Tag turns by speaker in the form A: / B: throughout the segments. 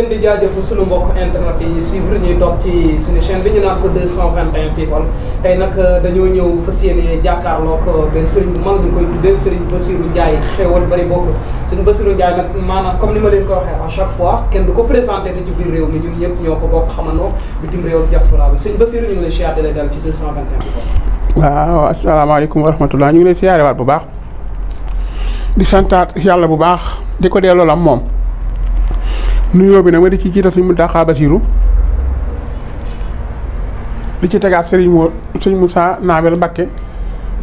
A: leen di jaajëf suñu mbokk internet yi ñuy suivre ñuy toog ci suñu chaîne bi ñu naan ko 221 people tey nag euh, dañoo ñëw fas yéene jàkkaarloog euh, benn sëriñ bu mag ñu koy tuddee sëriñ Bassirou Ndiaye xéewal bari bokk sëriñ Bassirou Ndiaye nag maanaam comme ni ma leen ko waxee à chaque fois kenn du ko présenté te ci biir réew mi ñun ñëpp ñoo ko bokk xamandoo bitim réew ak diaspora bi sëriñ Bassirou ñu ngi lay siyaare lay dal ci
B: waaw asalaamaaleykum wa rahmatulah ñu ngi lay siyaarewaat bu baax di santaat bu baax di ko delloo la moom. nuyoo bi nag ma di ci jiital sëñ Muntaxa Basiru di ci tegaat Serigne Modou sëñ Moussa Naabel Mbakke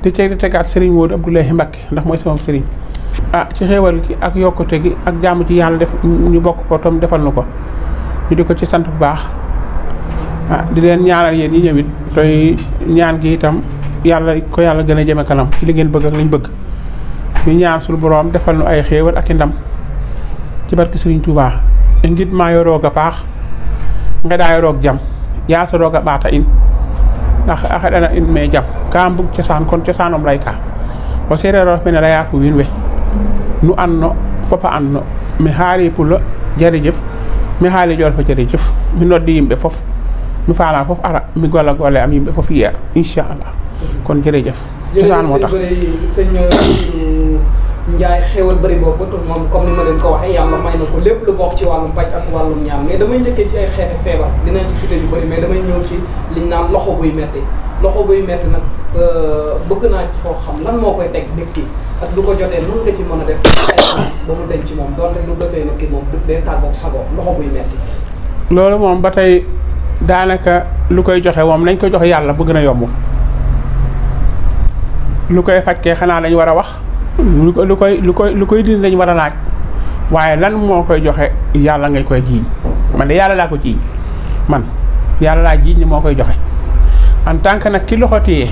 B: di ci tegaat Serigne Modou Abdoulaye Mbakke ndax mooy sama Serigne. ah ci xéewal gi ak yokkute gi ak jàmm ci yàlla def ñu bokk ko tam defal nu ko ñu di ko ci sant bu baax ah di leen ñaanal yéen ñi ñëwit tey ñaan gi itam yàlla ko yàlla gën a jëme kanam ci li ngeen bëgg ak lañ bëgg ñu ñaan suñu boroom defal nu ay xéewal ak i ndam ci barke Serigne Touba. gitmayo roog a paax ngeɗayo roog jam yaso roog a ɓaata in a xeɗana in me jam ka mbug cosaan kon cosaanum lay o seereer of mene fo wiin we nu an no fop a an no mi xaali pulo jërëjëf mi xaali jool fo jërëjëf mi noddi yimɓe fof mi faala fof ara mi gola gole am yimɓe fof yiya inchallah kon jërëjëf cosaan moo tax
A: njaay xéewal bëri boobu moom comme ni ma leen ko waxee yàlla may na ko lépp lu bokk ci wàllum paj ak wàllum ñaan mais damay njëkkee ci ay xeeti feebar dinañ ci cité yu bëri mais damay ñëw ci liñ naan loxo buy metti loxo buy metti nag euh, bëgg naa ci xam lan moo koy teg nit ki du ko jotee noonu nga ci mën a def ba moom doon rek lu dotee nag ki moom dee tàggoog sago loxo buy metti
B: loolu moom ba tey daanaka lu koy joxe moom lañ ko joxe yàlla bëgg na yomb lu koy faj xanaa lañ war a wax lu ko lu koy lu koy lu koy dindi lañu war a laaj waaye lan moo koy joxe yàlla ngay koy jiiñ man de yàlla laa ko jiiñ man yàlla laa jiiñ ni moo koy joxe en tant que nag ki loxo téye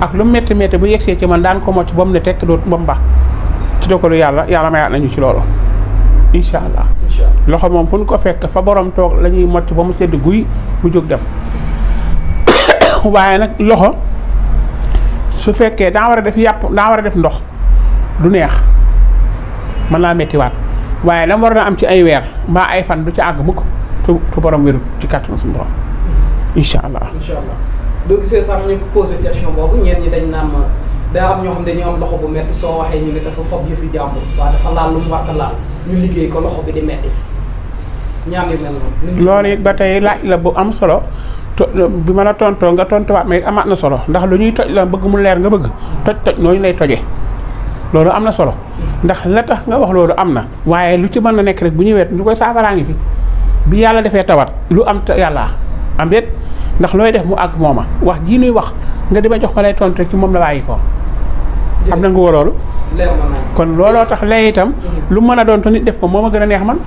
B: ak lu métti métti bu yegsee ci man daan ko mocc ba mu ne tekk doot ba mu baax ci dogalu yàlla yàlla mayaat nañu ci loolu incha allah. loxo moom fu ñu ko fekk fa borom toog la ñuy mocc ba mu sedd guy mu jóg dem waaye nag loxo su fekkee daa war a def yàpp daa war a def ndox. du neex man laa méttiwaat waaye lam war na am ci ay weer mbaa ay fan du ci àgg mukk tu tu borom wéru ci kàttanu suñu borom incha allah. incha
A: allah doo gisee sax ñu posé question boobu dañ naan loxo bu soo waxee ñu ne jàmbur waaw dafa laal lu mu laal ñu liggéey ko loxo bi di metti ñaan yu mel noonu.
B: loolu it ba tey laaj la bu am solo. bi ma la tontoo nga tontuwaat may amaat na solo ndax lu ñuy toj la bëgg mu leer nga bëgg toj toj nooñu lay toje loolu am na solo ndax la tax nga wax loolu am na waaye lu ci mën na nekk rek bu ñëwee lu koy saafaraa ngi fi bi yàlla defee tawat lu am yàlla am déet ndax looy def mu àgg mooma wax jii nuy wax nga dima jox ma lay tontu rek ci moom la bàyyi ko xam na nga woo loolu kon looloo tax lay itam lu mën a doon nit def ko moo ma gën a neex man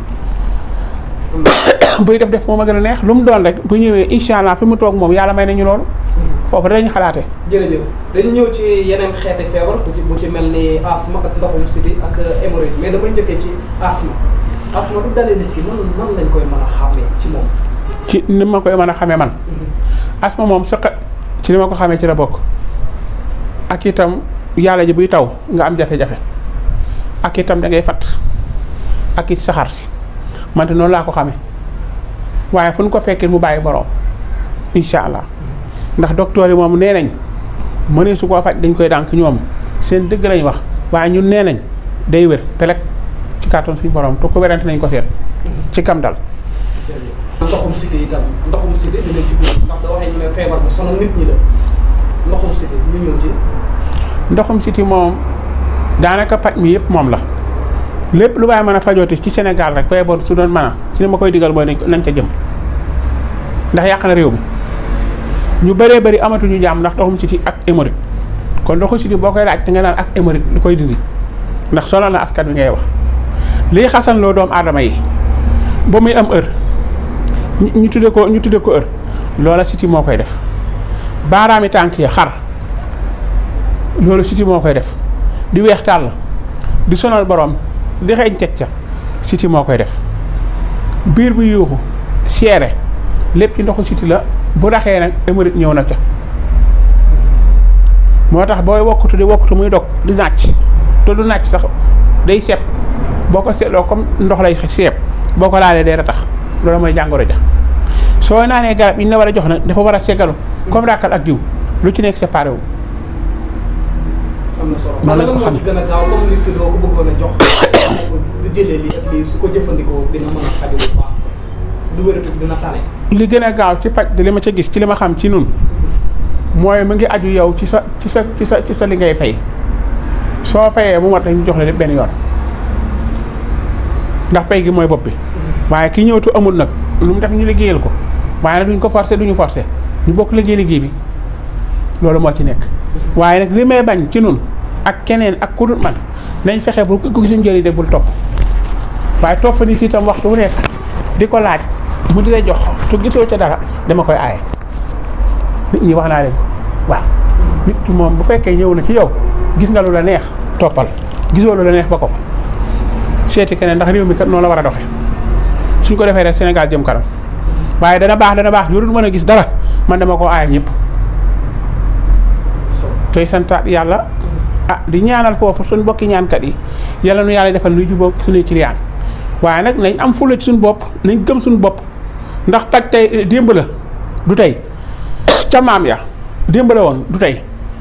B: buy def def moo ma gën a neex lu mu doon rek bu ñëwee incha allah fi mu toog moom yàlla may nañu loolu mm-hmm. foofu ñu xalaate
A: jërëjëf dañu ñëw ci yeneen xeeti feebar bu ci mel ni asthme ak ndoxum siti ak hémorroïde mais damay njëkkee ci asthme asthme bu dalee nit ki nan lañ koy mën a xàmmee ci moom
B: ci ni ma koy mën a xamee man mhm. asma moom sëqa ci ni ma ko xamee ci la bokk ak itam yàlla ji buy taw nga am jafe-jafe ak itam da ngay fat ak it saxaar si man noonu laa ko xamee waaye fu ñu ko fekkee mu bàyyi boroom incha allah ndax docteur yi moom nee nañ mënee su koo faj dañ koy dànk ñoom seen dëgg lañ wax waaye ñun nee nañ day wér pelek ci kàttan suñu borom te ko werante nañ ko seet ci kam dal
A: ndoxum cité itam ndoxum
B: cité paj mi yëpp moom la lépp lu baax mën a fajooti ci Sénégal rek feebar su doon mën a ci ne ma koy digal mooy nañ ca jëm ndax yàq na réew mi ñu bëree bëri amatuñu jàmm ndax ndoxum siti ak hémorroïde kon ndoxu siti boo koy laaj te nga naan ak hémorroïde lu koy dindi ndax sonal na askan wi ngay wax lii xasan loo doomu aadama yi ba muy am heure ñu tudde ko ñu tudde ko heure loola siti moo koy def baaraami tànk yi xar loolu siti moo koy def di weex tàll di sonal boroom di xeeñ teg siti moo koy def biir bi yuuxu seere lépp ci ndoxu siti la bu raxee nag émérite ñëw na ca moo tax booy wokkutu di wokkutu muy dog di nàcc te du nàcc sax day seeb boo ko seetloo comme ndox lay seeb boo ko laalee day ratax loolu mooy jàngoro ja soo naanee garab yi ñu la war a jox nag dafa war a seggalu comme ràkkal ak diw lu ci nekk séparé wu.
A: am na solo man la xam ci gën a gaaw comme nit su ko jëfandikoo du
B: li gën a gaaw ci paj li ma ca gis ci li ma xam ci nun mooy mu ngi aju yow ci sa ci sa ci sa ci sa li ngay fay soo fayee mu mat ñu jox la lépp benn yoon ndax pey gi mooy bopp bi waaye ki ñëwtu amul nag lu mu def ñu liggéeyal ko waaye nag duñ ko forcé duñu forcé ñu bokk liggéey liggéey bi loolu moo ci nekk waaye nag li may bañ ci nun ak keneen ak ku dul man nañ fexe bu ku gisuñ njëriñ de bul topp waaye topp ni si itam waxtu wu nekk di ko laaj mu di la jox su gisoo ca dara dama koy aaye nit ñi wax naa leen waaw nit ki moom bu fekkee ñëw na ci yow gis nga lu la neex toppal gisoo lu la neex ba ko seeti keneen ndax réew mi kat noonu la war a doxee suñ ko defee rek Sénégal jëm kanam waaye dana baax dana baax du mën a gis dara man dama koo aaye ñëpp tey santaat yàlla ah di ñaanal foofu suñ bokki ñaankat yi yàlla nu yàlla defal nuy jubóog suñuy client waaye nag nañ am fulla ci suñu bopp nañ gëm suñu bopp ndax paj tey eh, démb la du tey ca maam ya démb la woon du tey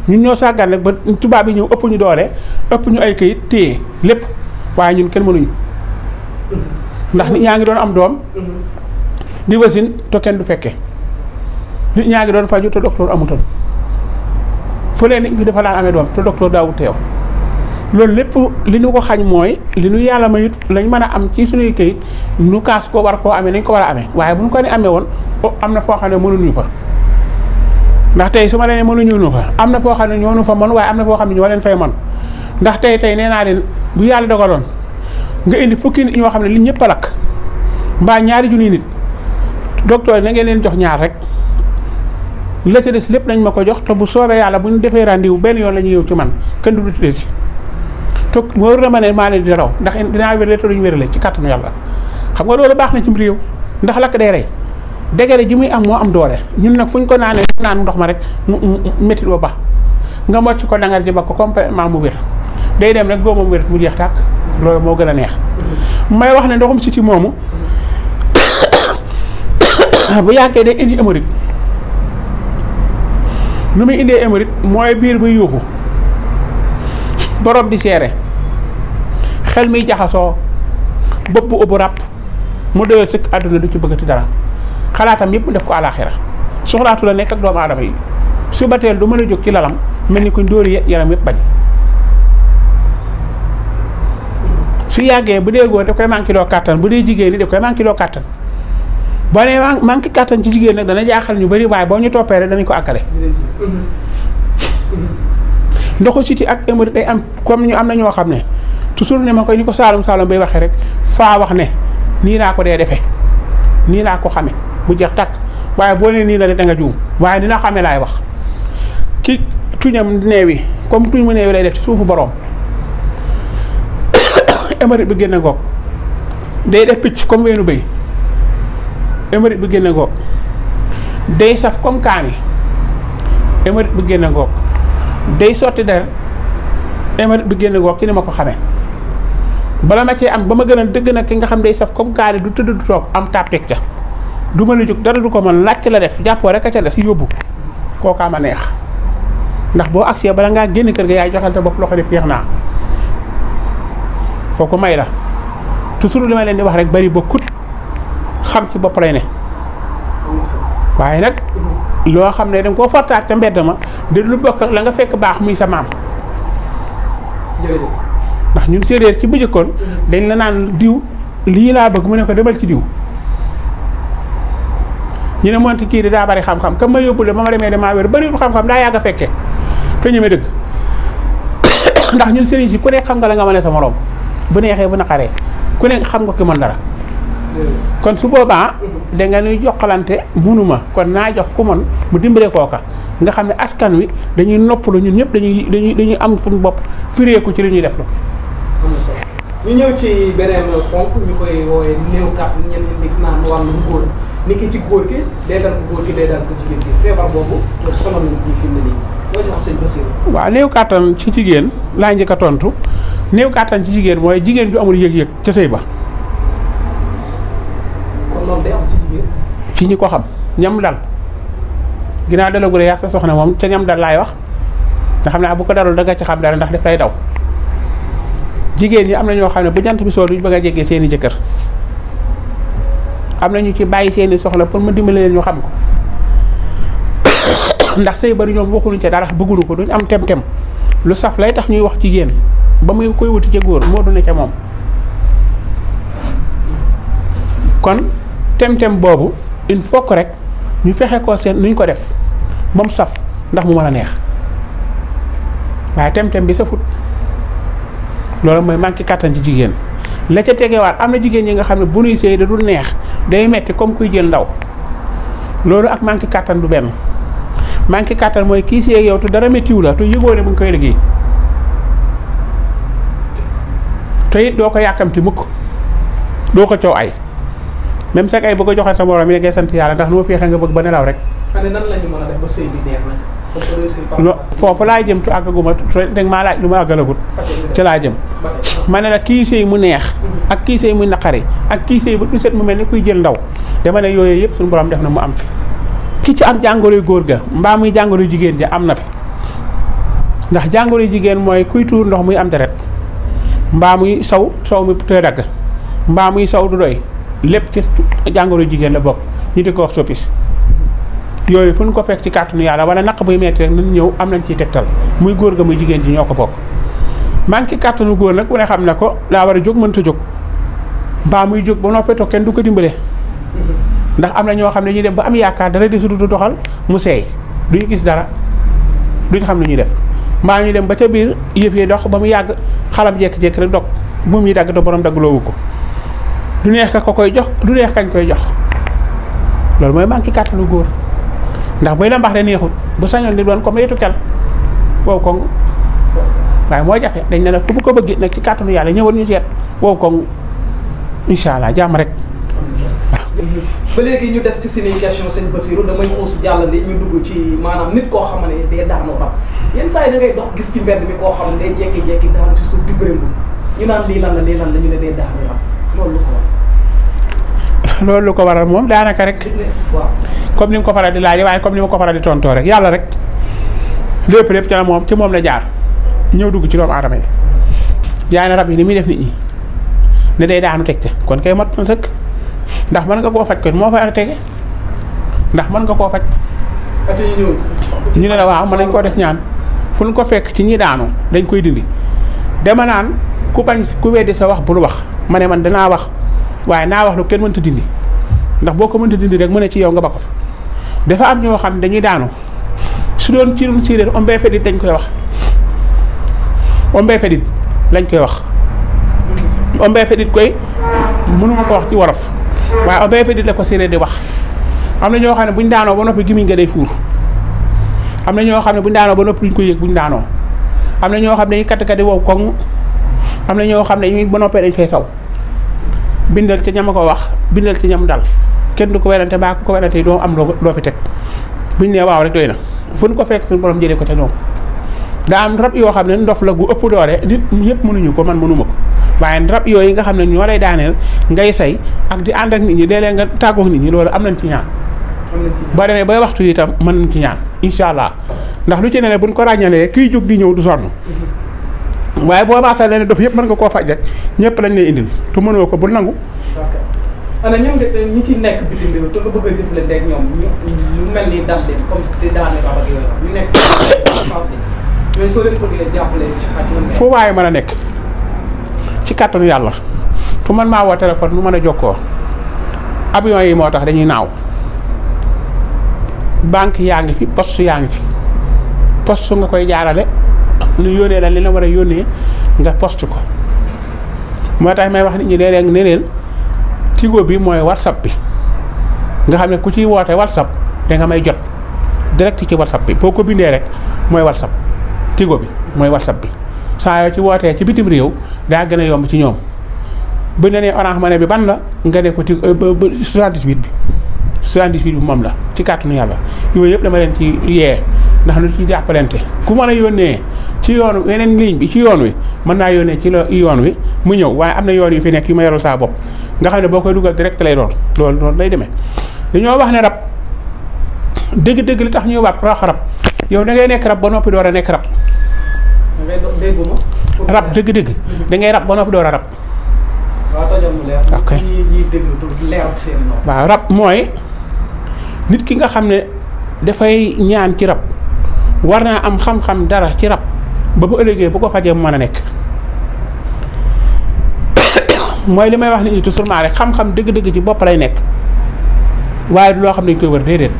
B: ñun ñoo sàggan nag ba tubaab yi ñëw ëpp ñu doole ëpp ñu ay kayit téye lépp waaye ñun kenn mënuñu ndax nit ñaa ngi doon am doom di wasin te kenn du fekke nit ñaa ngi doon faju te docteur amutoon fu leen nit ñi dafa daan amee doom te docteur daawut teew loolu lépp li ñu ko xañ mooy li ñu yàlla mayut lañ mën a am ci suñuy këyit nu kaas ko war koo amee nañ ko war a amee waaye bu ñu ko ni amee woon am na foo xam ne mënuñu fa ndax tey su ma leen mënuñu nu fa am na foo xam ne ñoonu fa man waaye am na foo xam ne ñoo leen fay man ndax tey tey nee naa leen bu yàlla dogaloon nga indi fukki nit ñoo xam ne li ñëpp lakk mbaa ñaari junni nit docteur na ngeen leen jox ñaar rek la ca des lépp nañ ma ko jox te bu soobee yàlla bu ñu defee rendez-vous yoon la ñuy ñëw ci man kenn du si. toog wóor na ma ne maa leen di raw ndax dinaa wérle te duñ wérle ci kàttanu yàlla xam nga loolu baax na ci réew ndax lakk day rey dégale ji muy am moo am doole ñun nag fu ñu ko naanee naanu ndox ma rek mu métti ba nga mocc ko dangar ji ba ko complètement mu wér day dem rek góomam wér mu jeex tàkk loolu moo gën a neex may wax ne ndoxum ci moomu bu yàggee day indi émorite nu muy indee émorite mooy biir buy yuuxu borom di seere xel mi jaxasoo bopp bu ëpp ràpp mu doyal sëkk àdduna du ci bëggati dara xalaatam yëpp mu def ko àlaaxira soxlaatu la nekk ak doomu aadama yi su ba du mën a jóg ci lalam mel ni kuñ dóori yaram yëpp bañ su yàggee bu dee góor daf koy manqué loo kàttan bu dee jigéen ñi daf koy manqué loo kàttan boo nee manqué kàttan ci jigéen nag dana jaaxal ñu bari waaye boo ñu toppee rek danañ ko àkkale ndoxu siti ak émérite day am comme ñu am na ñoo xam ne toujours ne ma koy ni ko Saalum Saalum bay waxee rek faa wax ne nii laa ko dee defee nii laa ko xame bu jeex takk waaye boo nee nii la de da nga juum waaye dina xame laay wax ki tuñam neewi comme tuñ mu neewi lay def ci suufu borom émérite bi génn ngoog day def picc comme weenu béy émérite bi génn ngoog day saf comme kaani émérite bi génn ngoog day sotti dara émérit bi génn goog ci ni ma ko xamee bala ma cee am ba ma gën a dëgg nag ki nga xam day saf comme kaani du tëdd du toog am taab teg ca du ma la jóg dara du ko mën làcc la def jàppoo rek a ca des yóbbu kookaa ma neex ndax boo agsee bala ngaa génn kër gi yaay joxal sa bopp loxo def yéex naa kooku may la toujours li ma leen di wax rek bari bokkut xam ci bopp lay ne waaye nag. loo xam ne da koo fortaat ca mbedd ma di lu bokk la nga fekk baax muy sa maam. ndax ñun séeréer ci bu njëkkoon dañ la naan diw lii laa bëgg mu ne ko demal ci diw. ñu ne moonte kii di daa bari xam-xam kam ma yóbbu la ma ma demee damaa wér bariwul xam-xam daa yàgg a fekkee te ñeme dëgg ndax ñun sëriñ si ku nekk xam nga la nga mën a sa morom bu neexee bu naqaree ku nekk xam nga ki mën dara. kon su boobaa da nga ñuy jokkalante munuma kon naa jox ku mon mu dimbale kooka nga xam ne askan wi dañuy noppalu ñun ñëpp dañuy dañuy dañuy am suñu bopp fireeku ci li def la.
A: ci beneen ponk ko góor jigéen feebar boobu
B: kàttan ci jigéen laa njëkk a tontu néew kàttan ci jigéen mooy jigéen ju amul yëg-yëg ca sëy ba. ci ñi ko xam ñam dal ginnaaw dalagule yàq sa soxna moom ca ñam dal laay wax nga xam ne bu ko darul danga ca ci xam dara ndax daf daw jigéen ñi am na ñoo xam ne bu jant bi soo duñ bëgg a jege seeni jëkkër am na ñu ci bàyyi seeni soxla pour mu dimbali leen ñu xam ko ndax sëy bari ñoom waxuñu ca dara bëgguñu ko duñ am tem tem lu saf lay tax ñuy wax jigéen ba muy koy wuti ca góor moo du ne ca moom kon tem tem boobu il faut que rek ñu fexe ko seen nuñ ko def ba mu saf ndax mu mën a neex waaye tem-tem bi safut loolu mooy manqué kàttan ci jigéen la ca tegewaat am na jigéen ñi nga xam ne bu nuy sëy da dul neex day metti comme kuy jël ndaw loolu ak manqué kàttan du benn manqué kàttan mooy kii sëy yow te dara méttiwu la te yëgoo ne mu koy liggéey te it doo ko yàkkamti mukk doo ko coow ay même sa kay bëgg joxee sa morom yi da ngay sant yàlla ndax noo feexee nga bëgg ba nelaw rek.
A: xanaa nan la ñu mën a def ba sëy
B: foofu laa jëm tu àggaguma te maa laaj lu ma àggalagut ci laa jëm ma ne la kii sëy mu neex ak kii sëy mu naqari ak kii sëy bu du set mu mel ni kuy jël ndaw dama ne yooyu yëpp suñu borom def na mu am fi ki ci am jàngoro góor ga mbaa muy jàngoro jigéen ja am na fi ndax jàngoro jigéen mooy kuy tuur ndox muy am deret mbaa muy saw saw mi te dagg mbaa saw du doy lépp ci jàngoro jigéen la bokk ñu di ko wax soppis yooyu fu ñu ko fekk ci kàttanu yàlla wala naq buy metti rek nañ ñëw am nañ ciy tegtal muy góor ga muy jigéen ji ñoo ko bokk manqué kàttanu góor nag ku ne xam na ko laa war a jóg mënta jóg mbaa muy jóg ba noppee toog kenn du ko dimbale ndax am na ñoo xam ne ñu dem ba am yaakaar dara desul du doxal mu seey ñu gis dara duñ xam lu ñuy def mbaa ñu dem ba ca biir yëf yi dox ba mu yàgg xalam jékki-jékki rek dog buum dagg te borom daggloowu ko du neex ka ko koy jox du neex kañ koy jox loolu mooy manqué kàttanu góor ndax buy la mbax de neexut bu sañoon di doon comme yetu kel wow koŋ waaye moo jafe dañ ne nag ku ko bëgg nag ci kàttanu yàlla ñëwoon ñu seet wow koŋ incha allah jàmm rek.
A: ba léegi ñu des ci suñuy question sëñ Basirou damay xuus jàllale ñu dugg ci maanaam nit koo xam ne day daanu rab yenn saa yi da dox gis ci mbedd mi koo xam ne day jékki-jékki daanu ci suuf di bërëngu ñu naan lii lan la lii lan la ñu ne day daanu ko
B: loolu lu ko waral moom daanaka rek comme ni nga ko faral di laaj waaye comme ni ma ko faral di tontoo rek yàlla rek lépp lépp ci la moom ci moom la jaar ñëw dugg ci doomu aadama yi jaay na rab yi ni muy def nit ñi ne daanu teg ca kon kay mat na sëkk ndax mën nga koo faj kon moo fa ar tege ndax mën nga koo faj. ñu ne la waaw mën nañ koo def ñaan fu ñu ko fekk ci ñii daanu dañ koy dindi dama naan ku bañ ku weddi sa wax bul wax ma ne man danaa wax. waaye naa wax lu kenn mënta dindi ndax boo ko mënta dindi rek mu ne ci yow nga ba ko fa dafa am ñoo xam ne dañuy daanu su doon ci doon séeréer ombee fedit dañ koy wax ombee fedit lañ koy wax ombee fedit koy mënuma ko wax ci wolof waaye ombee fedit la ko séeréer di wax am na ñoo xam ne buñ daanoo ba noppi gimiñ nga day fuur am na ñoo xam ne buñ daanoo ba noppi duñ ko yëg buñ daanoo am na ñoo xam ne dañuy katt katt wow koŋ am na ñoo xam ne ñu ba noppee dañ fay saw bindal ca a ko wax bindal ci ñam dal kenn du ko werante baa ku ko werante yi doo am loo fi teg buñ nee waaw rek doy na fu ñu ko fekk suñu borom jëlee ko ca ñoom daa am yoo xam ne ndof la gu ëpp doole nit ñëpp mënuñu ko man mënuma ko waaye rab yooyu nga xam ne ñoo lay daaneel ngay say ak di ànd ak nit ñi dee léeg nga tàggoog nit ñi loolu am nañ ci ñaan boo demee bay waxtu itam mën nañ ci ñaan incha allah ndax lu ci ne bu buñ ko ràññalee kii jóg di ñëw du sonn waaye boo raafee leen dof yëpp mën nga koo faj rek ñëpp lañ lay indil tu mënoo ko bu nangu.
A: ana ñoom bëgg a jëflante ak ñoom ñu mel soo leen
B: waaye mën a nekk ci kàttanu yàlla tu man maa woo téléphone nu mën a jokkoo avion yi moo tax dañuy naaw banque yaa ngi fi post yaa ngi fi poste nga koy jaarale nu yónnee la li la war a yónnee nga post ko moo tax may wax nit ñi léeg-léeg ne leen tigo bi mooy whatsapp bi nga xam ne ku ci woote whatsapp da nga may jot direct ci whatsapp bi boo ko bindee rek mooy whatsapp tigo bi mooy whatsapp bi saa yoo ci wootee ci bitim réew daa gën a yomb ci ñoom bu ne nee orange money bi ban la nga ne ko ti 78 euh, bi 78 bi moom la ci kàttanu yàlla yooyu yëpp dama leen ci yee ndax lu ci jàppalante ku mën a yónnee ci yoon weneen ligne ci yoon wi mën naa yónnee ci la yoon wi mu ñëw waaye am na yoon yu fi nekk yi ma yorul saa bopp nga xam ne boo koy dugal direct lay doon loolu noonu lay demee dañoo wax ne rab dëgg-dëgg li tax ñuy wax rab yow dangay ngay nekk rab ba noppi door a nekk rab. rab dëgg-dëgg. Mm-hmm. da ngay rab ba noppi doo a rab. waaw rab mooy nit ki nga xam ne dafay ñaan ci rab. war naa am xam-xam dara ci rab ba bu ëllëgee bu ko fajee mu mën a nekk mooy li may wax nit ñi toujours rek xam-xam dëgg-dëgg ci bopp lay nekk waaye du loo xam ne dañ koy wër déedéet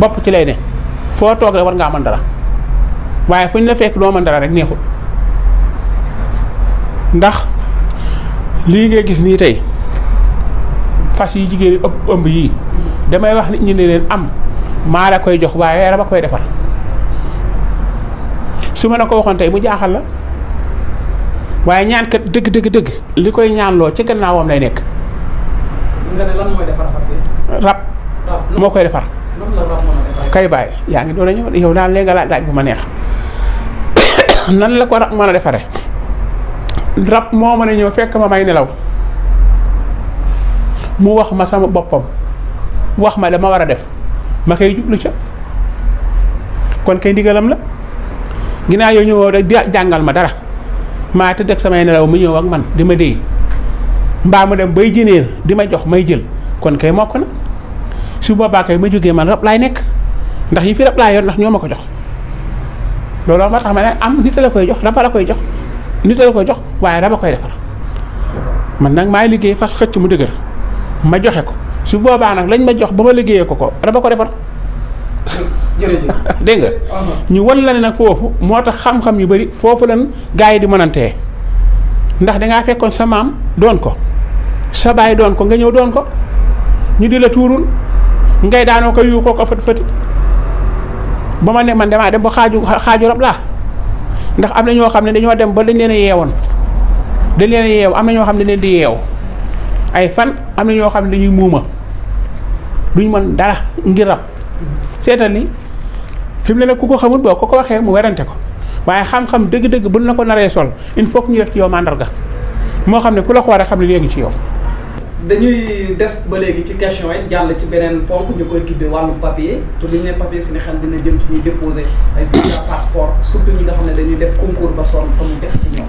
B: bopp ci lay ne foo toog rek war ngaa mën dara waaye fu ñu la fekk doo mën dara rek neexul ndax lii ngay gis nii tey fas yi jigéen yi ëpp ëmb yii damay wax nit ñu ne leen am maa la koy jox waaye a koy defar su ma la ko waxoon tey mu jaaxal la waaye ñaan kat dëgg dëgg dëgg li koy ñaanloo ci gannaawam lay nekk. rab moo koy defar. kay bàyyi yaa ngi doon a ñëw yow daal léegi nga laaj bu ma neex nan la ko rab mën a defaree rab moo mën a ñëw fekk ma may nelaw mu wax ma sama boppam wax ma dama war a def ma koy jublu ca kon kay ndigalam la. ginnaaw yooyu ñëwoo rek jàngal ma dara maa tëdd ak samay nelaw mu ñëw ak man di ma déy mbaa mu dem bay jëneer di ma jox may jël kon kay mokk na su boobaa kay ma jógee man rab laay nekk ndax yi fi rab laay yor ndax ñoo ma ko jox looloo ma tax ma ne am nit la koy jox raba la koy jox nit la koy jox waaye raba koy defar man nag maay liggéey fas xëcc mu dëgër ma joxe ko su boobaa nag lañ ma jox ba ma liggéeyee ko ko raba ko defar dégg nga uh-huh. ñu wan la ne nag foofu moo tax xam-xam yu bëri foofu lan gars yi di mënantee ndax dangaa fekkoon sa maam doon ko sa baay doon ko nga ñëw doon ko ñu di la tuurul ngay daanoo ko yuuxoo ko fët fëti ba ma ne man damaa dem ba xaaju xaaju rab laa ndax am na ñoo xam ne dañoo dem ba dañ leen a yeewoon dañ leen a yeew am na ñoo xam ne dañ leen di yeew ay fan am na xam ne dañuy muuma duñ mën dara ngir rab seetal ni fi mu ne nag ku ko xamul boo ko ko waxee mu werante ko waaye xam-xam dëgg-dëgg buñ na ko naree sol il faut que ñu def ci yow mandarga moo xam ne ku la xoore xam ne léegi ci yow.
A: dañuy des ba léegi ci question yi jàll ci beneen ponk ñu koy tuddee wàllu papier te li ñu ne papier suñu xel dina jëm ci ñuy déposé ay fiches à passeport surtout ñi nga xam ne dañuy def concours ba sonn fa mu def ci ñoom.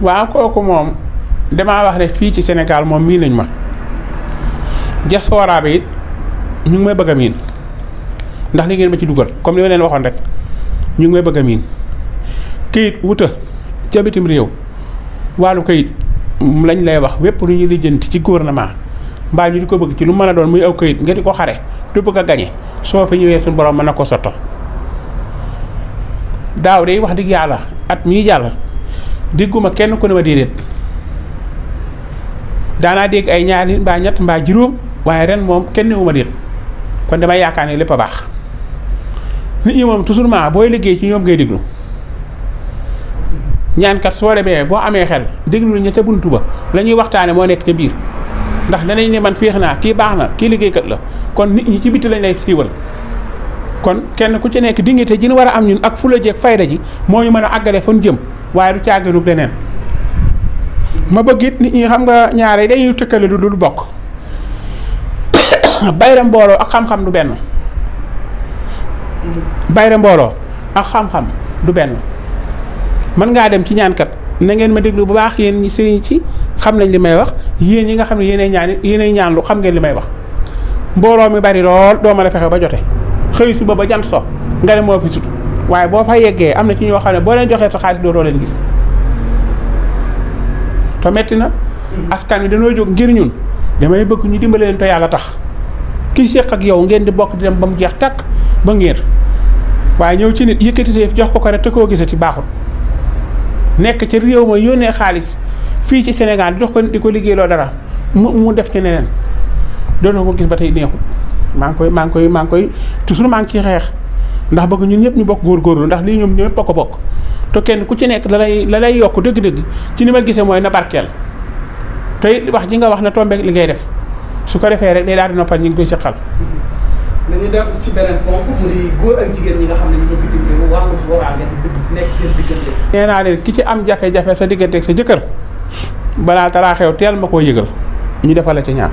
B: waaw kooku moom damaa wax ne fii ci Sénégal moom miin nañ ma diaspora ñu ngi may bëgg a miin. ndax li ngeen ma ci dugal comme li ma leen waxoon rek ñu ngi may bëgg a miin kayit wuta ca bitim réew wàllu kayit lañ lay wax wépp lu ñuy lijjanti ci gouvernement mbaa ñu di ko bëgg ci lu mën a doon muy aw kayit nga di ko xare du bëgg a gañe soo fi ñëwee suñu borom mën na ko sotto daaw day wax dëgg yàlla at mii jàll digguma kenn ku ne ma déedéet daanaa dégg ay ñaari mbaa ñett mbaa juróom waaye ren moom kenn wu ma déet kon damay yaakaar ne lépp a baax. nit ñi moom toujours booy liggéey ci ñoom ngay déglu ñaankat soo demee boo amee xel déglu ña ca buntu ba la ñuy waxtaane moo nekk ca biir ndax danañ ne man féex naa kii baax na kii liggéeykat la kon nit ñi ci bitti lañ lay siiwal kon kenn ku ci nekk dignité ji ñu war a am ñun ak fula jeeg fayda ji moo ñu mën a àggale fan jëm waaye du càgginu leneen ma bëgg it nit ñi xam nga ñaare dañuy tëkkale du dul bokk bayram mbooloo ak xam-xam du benn bayre mbooloo ak xam-xam du benn mën ngaa dem ci ñaankat na ngeen ma déglu bu baax yéen ñi sëriñ ci xam nañ li may wax yéen yi nga xam ne yéenay ñaan yéenay ñaan lu xam ngeen li may wax mbooloo mi bari lool doo mën a fexe ba jote xëy suba ba jant so nga ne moo fi sut waaye boo fa yeggee am na ci ñoo xam ne boo leen joxee sa xaalis dootoo leen gis te metti na askan wi dañoo jóg ngir ñun damay bëgg ñu dimbaleen leen te yàlla tax ki séq ak yow ngeen di bokk di dem ba mu jeex takk ba ngéer waaye ñëw ci nit yëkkati seef jox ko ko rek te koo gisati baaxul nekk ca réew ma yónnee xaalis fii ci Sénégal di jox ko di ko liggéeyloo dara mu mu def ci neneen dootoo ko gis ba tey neexul maa ngi koy maa ngi koy maa ngi koy toujours maa ngi ciy xeex ndax bëgg ñun ñëpp ñu bokk góorgóorlu ndax lii ñoom ñëpp bokk bokk te kenn ku ci nekk la lay la lay yokk dëgg-dëgg ci ni ma gisee mooy na barkeel tey wax ji nga wax na tombeek li ngay def su ko defee rek day daal di noppal ñu ngi koy seqal
A: nañu def ci beneen ñi nga xam ne
B: nee naa leen ki ci am jafe-jafe sa diggante ak sa jëkkër balaa taraa xew teel ma koo yëgal ñu defal la ci ñaan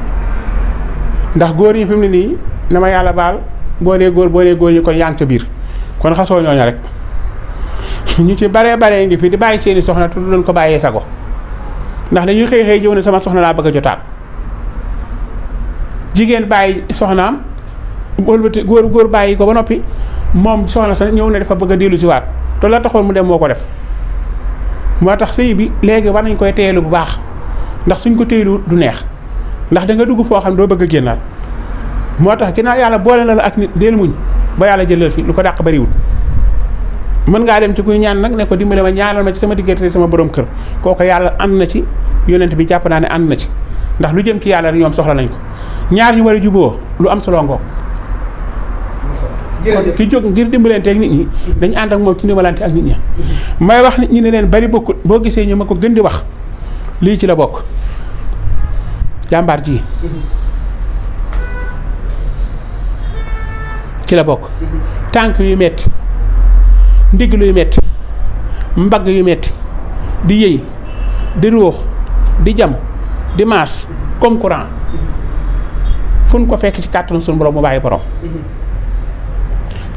B: ndax góor yi fi ne nii na ma yàlla baal boo dee góor boo góor yi kon yaa ngi ca biir kon xasoo ñooñu rek ñu ci baree bare ngi fi di bàyyi seeni soxna te du doon ko bàyyee sago ndax dañuy xëy xëy jëw ne sama soxna laa bëgg a jotaat jigéen bàyyi soxnaam. te góor góor bàyyi ko ba noppi moom soxna sa ñëw ne dafa bëgg dellu si waat te mu dem moo ko def moo tax sëy bi léegi war nañ koy teelu bu baax ndax suñ ko teelu du neex ndax da dugg foo xam doo bëgg génnaat moo tax ginnaaw yàlla boole la ak nit deel muñ ba yàlla jëlal fi lu ko dàq bariwul mën ngaa dem ci kuy ñaan nag ne dimbale ma ñaanal ma ci sama diggante sama borom kër kooku yàlla ànd na ci yonent bi jàpp naa ne ànd na ci ndax lu jëm ci yàlla ñoom soxla nañ ko ñaar ñu war a juboo lu am solo ngoog kon ki jóg ngir dimbalante nit ñi dañ ànd ak moom ci dimbalante ak nit ñi may wax nit ñi leen bari bokkut boo gisee ñu ma ko gën di wax lii ci la bokk jàmbaar ji ci la bokk tànk yu mett ndiglu yu metti mbagg yu metti di yëy di ruux di jam di maas comme courant fu ko fekk ci kàttanu suñu borom mu bàyyi borom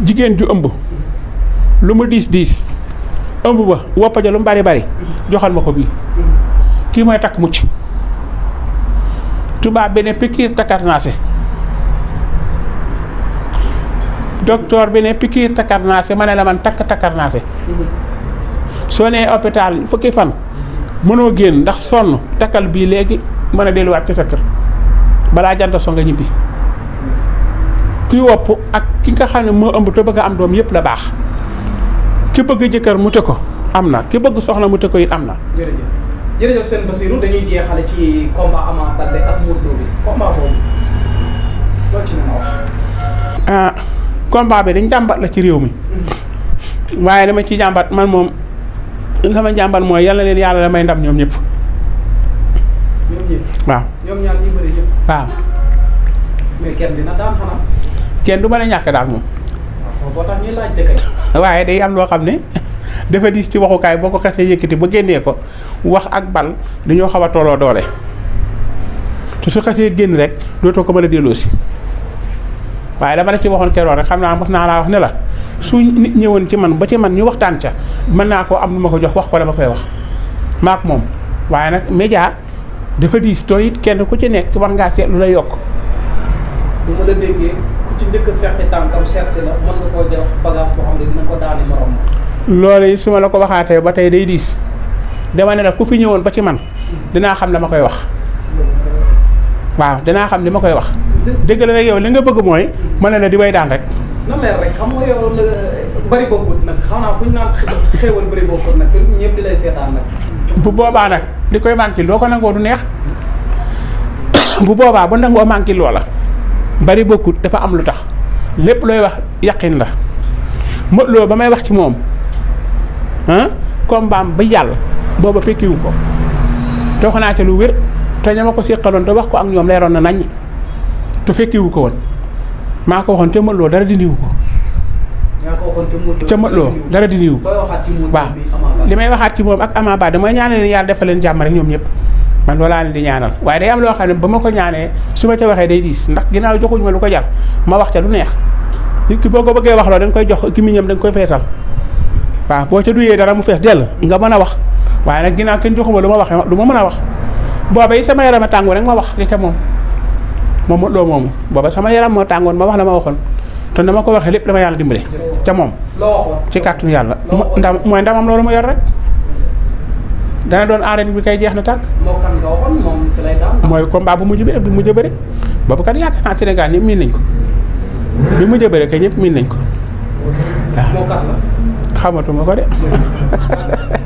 B: jigéen ju ëmb lu mu diis diis ëmb ba woppaja lu mu bari bari joxal ma ko bii kii mooy takk mucc tubaab bi ne pikiir takkarnaase docteur bi ne pikiir takkarnaase ma la man takk takkarnaase soo nee hôpital fukki fan mënoo génn ndax sonn takkal bii léegi mën a delluwaat ci sa kër balaa jant so nga ñibbi kuy wopp ak ki nga xam ne moo ëmb bëgg am doom yëpp la baax bëgg jëkkër mu ko am na bëgg soxna mu te am na.
A: jërëjëf jërëjëf dañuy jeexale ci combat Ama Baldé ak bi combat boobu
B: ah, dañ jàmbat la ci réew mi mm-hmm. waaye dama ci jàmbat man moom sama jàmbat mooy yal na leen yàlla la may ndam ñoom ñëpp.
A: waaw
B: kenn du mën a ñàkk daal moom. waaye day am loo xam ne dafa diis ci waxukaay boo ko xasee yëkkati ba génnee ko wax ak bal dañoo xaw a tolloo doole te su xasee génn rek dootoo ko mën a delloosi waaye dama la ci waxoon keroog rek xam naa mos naa naa wax ne la su nit ñëwoon ci man ba ci man ñu waxtaan ca mën naa koo am lu ma ko jox wax ko la ma koy wax maak moom waaye nag média dafa diis tooy it kenn ku ci nekk war ngaa seet lu la yokk.
A: ci njëkk la ko
B: loolu yi su la ko waxaatee ba tey day diis dama ne la ku fi ñëwoon ba ci man dinaa xam la ma koy wax waaw dinaa xam li ma koy wax. dëgg la nag yow li nga bëgg mooy ma ne la di way daan rek.
A: na mel rek xam nga yow la bëri
B: bu boobaa nag di koy manqué loo ko nangoo du neex bu boobaa ba nangoo manqué loola. bari bokkut dafa am lu tax lépp looy wax yaqin la Modou ba may wax ci moom ah kombaam bi yàlla booba fekkiwu ko dox naa ca lu wér te ña ma ko séqaloon te wax ko ak ñoom leeroon na nañ te fekkiwu ko woon maa ko waxoon te Modou Lo di dindiwu ko.
A: ca Modou Lo dara dindiwu ko waaw li may
B: waxaat ci moom ak Ama Baldé damay ñaanal leen yàlla defal leen jàmm ñoom ñëpp. man loolaa leen di ñaanal waaye day am loo xam ne ba ma ko ñaanee su ma ca waxee day diis ndax ginnaaw joxuñ ma lu ko jar ma wax ca lu neex nit ki boo ko bëggee wax loo da koy jox gémmiñam da koy feesal waaw boo ca duyee dara mu fees dell nga mën a wax waaye nag ginnaaw kenn joxuma lu ma waxee lu ma mën a wax booba yi sama yaram a tàngoon rek ma wax li ca moom moom moo loo moomu booba sama yaram moo tàngoon ma wax la ma waxoon te na ma ko waxee lépp dama yàlla dimbale ca moom ci kàttanu yàlla ndam mooy ndamam loolu ma yor rek dana doon arène bi kay jeex na tàkk.
A: moo kan nga
B: mooy combat bu mujj bi ak bu mujj ka boobu kat yaakaar naa Sénégal ñëpp miin nañ ko bi mujj bëri kay ñëpp miin nañ ko xamatuma ko de.